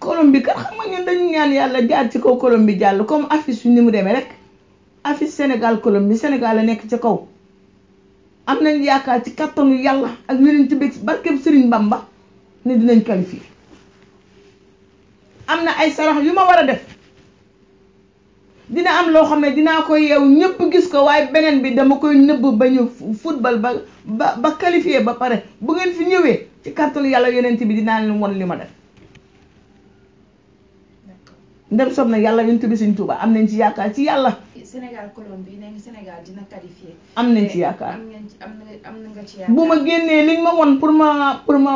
colom bi kat xam nga ñun dañu ñaan yàlla jaar ci kaw colom bi jàll comme affiche bi ni mu demee rek affiche Sénégal colom bi Sénégal nekk ci kaw am nañ yaakaar ci kattanu yàlla ak yeneen ci bëgg barkeb Sëriñ Bamba ne dinañ qualifié am na ay sarax yu ma war a def dina am lo xam dina dinaa ko yeew ñëpp gis ko waaye benen bi dama koy neub bañu football ba ba qualifier ba paré bu ngeen fi ñëwee ci kàttalu yalla yonent bi dina leen won lima def ndem sob na yàlla yonent bi seigne touba am nañ ci yaaka ci yalla senegal Colombie nee senegal dina qualifier am nañ ci eh, yaaka am nañ ci am na nga ci yaaka buma génné liñ ma won pour ma pour ma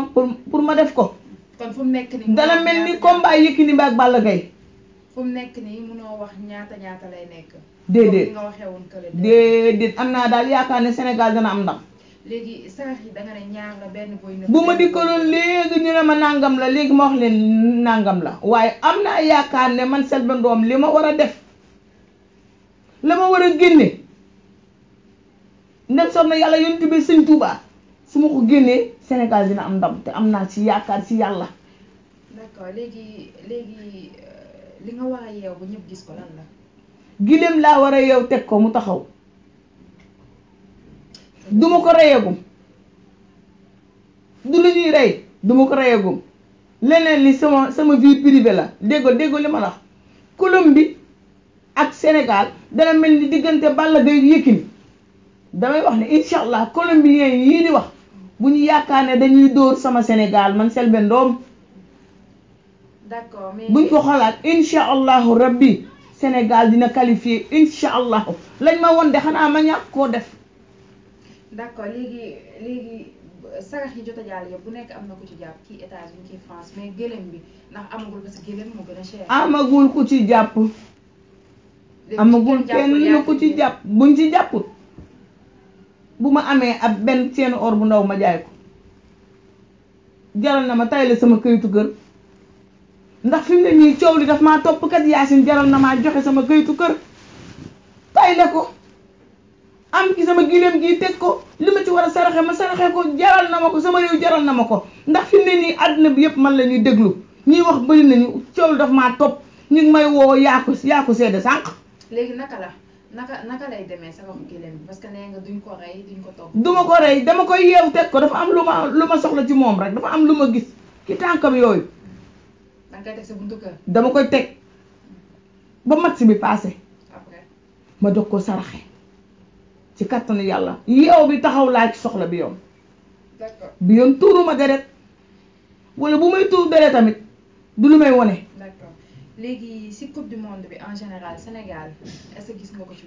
pour ma def ko kon fu nekk ni dana melni combat yekini mbak Balla gay fu mu nekk nii munoo wax ñaata ñaata lay nekk. déedéet nga waxee woon kële déedéet am naa daal yaakaar ne Sénégal dana am ndam. léegi sarax yi da nga ne ñaar la benn boy na. bu ma dikkaloon léegi ñu ne ma nangam la léegi ma wax leen nàngam la waaye am naa yaakaar ne man Selbé ndoom li ma war a def la ma war a génne ndem soog na yàlla yonent bi sëñ Tuubaa su ma ko génnee Sénégal dina am ndam te am naa ci yaakaar ci yàlla. li nga war a gis ko laa war a yeew teg ko mu taxaw duma ko reyagum du lu ñuy rey duma ko reyagum leneen li sama sama vie privée la déggo déggo li ma la wax Colombie ak Sénégal dana mel ni diggante Balla Gaye Yékini damay wax ne incha allah colombiens yii di wax bu ñu yaakaar ne dañuy dóor sama Sénégal man Selbé Ndom d'accord mais buñ ko xalaat incha allahu rabbi Sénégal dina qualifié incha allahu lañ ma woon de xanaa ma ñàkk koo def. d'accord léegi léegi sarax yi jot a jàll nekk am na ku ci jàpp kii États-Unis kii France mais gëlëm bi ndax amagul parce que gëlëm moo gën a cher. amagul ku ci jàpp. amagul kenn ci jàpp buñ ci jàpput. bu ma amee ab benn seen or bu ndaw ma jaay ko jaral na ma tay sama këyitu gën ndax fi mu ne nii coow li dafa maa topp kat yaasin jaral na maa joxe sama këyitu kër tay la ko am ki sama gileem gii teg ko li ma ci war a saraxe ma saraxe ko jaral na ma ko sama réew jaral na ma ko ndax fi mu ne nii àdduna bi yëpp man la ñuy déglu ñuy wax bëri nañu coow li daf maa topp ñu may woo yaa ko yaa ko seede sànq. léegi naka la naka naka lay demee sama gileem bi parce que nee nga duñ ko rey duñ ko topp. du ma ko rey dama koy yeew teg ko dafa am lu ma lu soxla ci moom rek dafa am lu ma gis ci tànkam yooyu. dama koy teg ba match bi passé ma doog ko saraxe ci kàttanu yàlla yow bi taxaw laa ci soxla bi yoon bi yoon tuuruma deret wala bu may tuur deret tamit du lu may wone d'accord léegi si coupe du monde en général Sénégal est que gis nga ko ci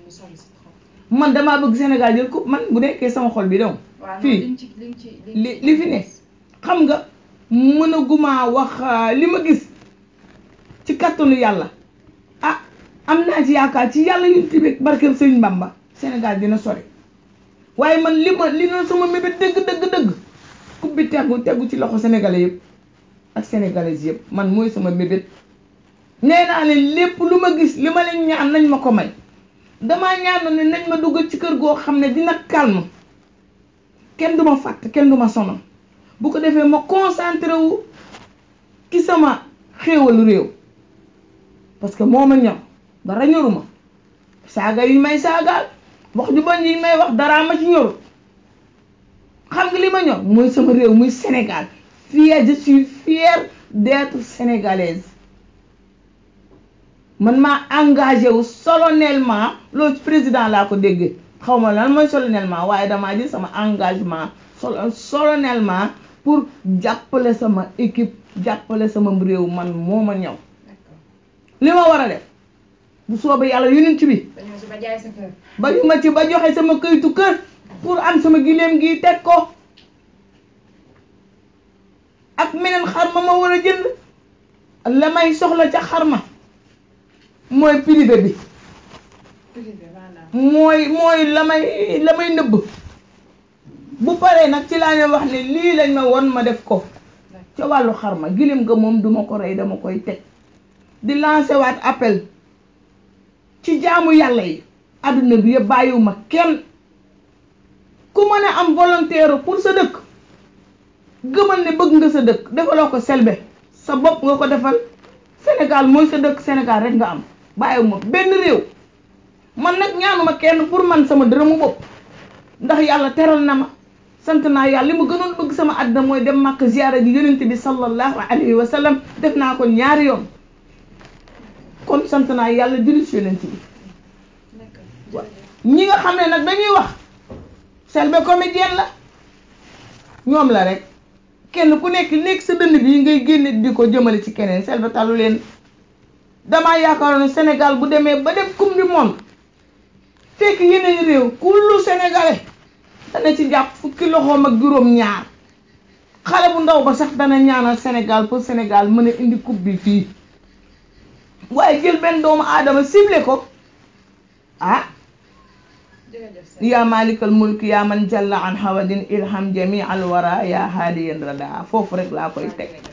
mu man damaa bëgg Sénégal jël coupe man bu nekkee sama xol bi doom fii li li fi ne xam nga mën a gumaa wax euh, li ma gis ci kattanu yàlla ah am naa ci yaakaar ci yàlla yu tibi barkeem sëñ mbàmba Sénégal dina sori waaye man li ma li na sama mébét dëgg dëgg dëgg coupe tegu tegu ci loxo sénégalais yëpp ak sénégalaises yëpp man mooy sama mébét nee naa leen lépp lu ma gis li ma leen ñaan nañ ma ko may damaa ñaanoon ne nañ ma dugg ci kër goo xam ne dina calme kenn du ma fàtt kenn du ma sonal bu ko defee ma concentré wu ci sama xéewal réew parce que moo ma ñor dara ñoruma saaga yu may saagaal wax ju bon yi may wax daraa ma ci ñorut xam nga li ma ñor mooy sama réew muy Sénégal fier je suis fière d'être sénégalaise man maa engagé wu solennellement loolu ci président laa ko déggee xaw ma lan mooy solennellement waaye damaa jël sama engagement sol solennellement pour jàppale sama équipe jàppale sama réew man moo ma ñëw li ma war a def bu soobee yàlla yonent bi ba ñu ma ci ba joxe sama kayitu kër pour am sama gileem gi teg ko ak meneen xar ma ma war a jënd la may soxla ca xar ma mooy privé bi mooy mooy la may la may nëbb bu paree nag ci laa ne wax ne lii lañ ma won ma def ko ca wàllu xar ma gileem ga moom duma ko rey dama koy teg di lancé waat appel ci jaamu yàlla yi adduna bi yëpp bàyyiwuma kenn ku mën a am volontaire pour sa dëkk gëmal ne bëgg nga sa dëkk defaloo ko Selbé sa bopp nga ko defal Sénégal mooy sa dëkk Sénégal rek nga am bàyyiwuma benn réew man nag ñaanuma kenn pour man sama dërëmu bopp ndax yàlla teral na ma sant naa yàlla li ma gënoon bëgg sama àddina mooy dem màkk ziyaara ji yonent bi sallallahu alayhi wa sallam def naa ko ñaari yoon kon sant naa yàlla jullit si yonent bi ñi nga xam ne nag dañuy wax Selbé comédienne la ñoom la rek kenn ku nekk nekk sa dënn bi ngay génne di ko jëmale ci keneen Selbé talu leen damaa yaakaaroon Sénégal bu demee ba dem coupe du monde fekk yeneen réew kullu sénégalais dana ci jàpp fukki loxoom ak juróom ñaar xale bu ndaw ba sax dana ñaanal Sénégal pour Sénégal mën a indi coupe bi fii waaye jël benn doomu aadama ciblé ko ah yaa malikal mulk yaa man jalla an hawadin ilham jami al wara yaa haadiyan rada foofu rek laa koy teg